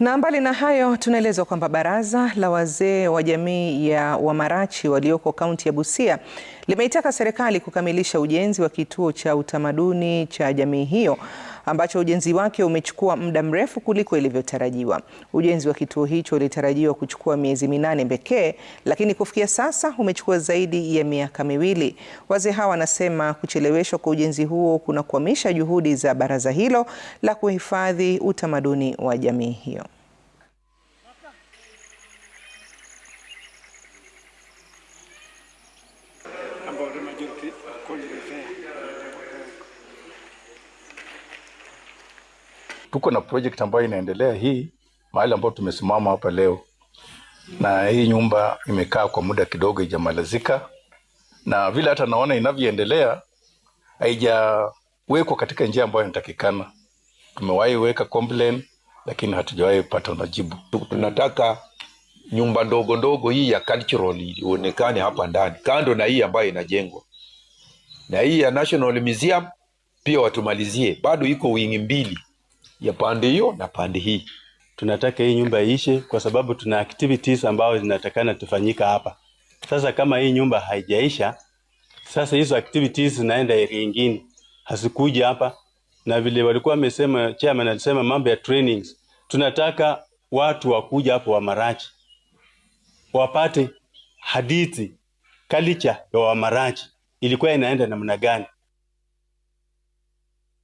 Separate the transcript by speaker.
Speaker 1: Na mbali na hayo, tunaelezwa kwamba baraza la wazee wa jamii ya Wamarachi walioko kaunti ya Busia limeitaka serikali kukamilisha ujenzi wa kituo cha utamaduni cha jamii hiyo ambacho ujenzi wake umechukua muda mrefu kuliko ilivyotarajiwa. Ujenzi wa kituo hicho ulitarajiwa kuchukua miezi minane pekee, lakini kufikia sasa umechukua zaidi ya miaka miwili. Wazee hawa wanasema kucheleweshwa kwa ujenzi huo kunakwamisha juhudi za baraza hilo la kuhifadhi utamaduni wa jamii hiyo.
Speaker 2: tuko na project ambayo inaendelea hii mahali ambapo tumesimama hapa leo, na hii nyumba imekaa kwa muda kidogo ijamalizika, na vile hata naona inavyoendelea haijawekwa katika njia ambayo inatakikana. Tumewahi weka complain, lakini hatujawahi pata majibu. Tunataka nyumba ndogo ndogo hii ya cultural ionekane hapa ndani, kando na hii ambayo inajengwa na hii ya National Museum pia watumalizie, bado iko wingi mbili ya pande hiyo na pande hii.
Speaker 3: Tunataka hii nyumba iishe kwa sababu tuna activities ambazo zinatakana tufanyika hapa. Sasa kama hii nyumba haijaisha, sasa hizo activities zinaenda area nyingine, hazikuja hapa. Na vile walikuwa wamesema, chairman alisema mambo ya trainings, tunataka watu wakuja hapo wa Marachi wapate hadithi, kalicha ya Wamarachi ilikuwa inaenda namna gani.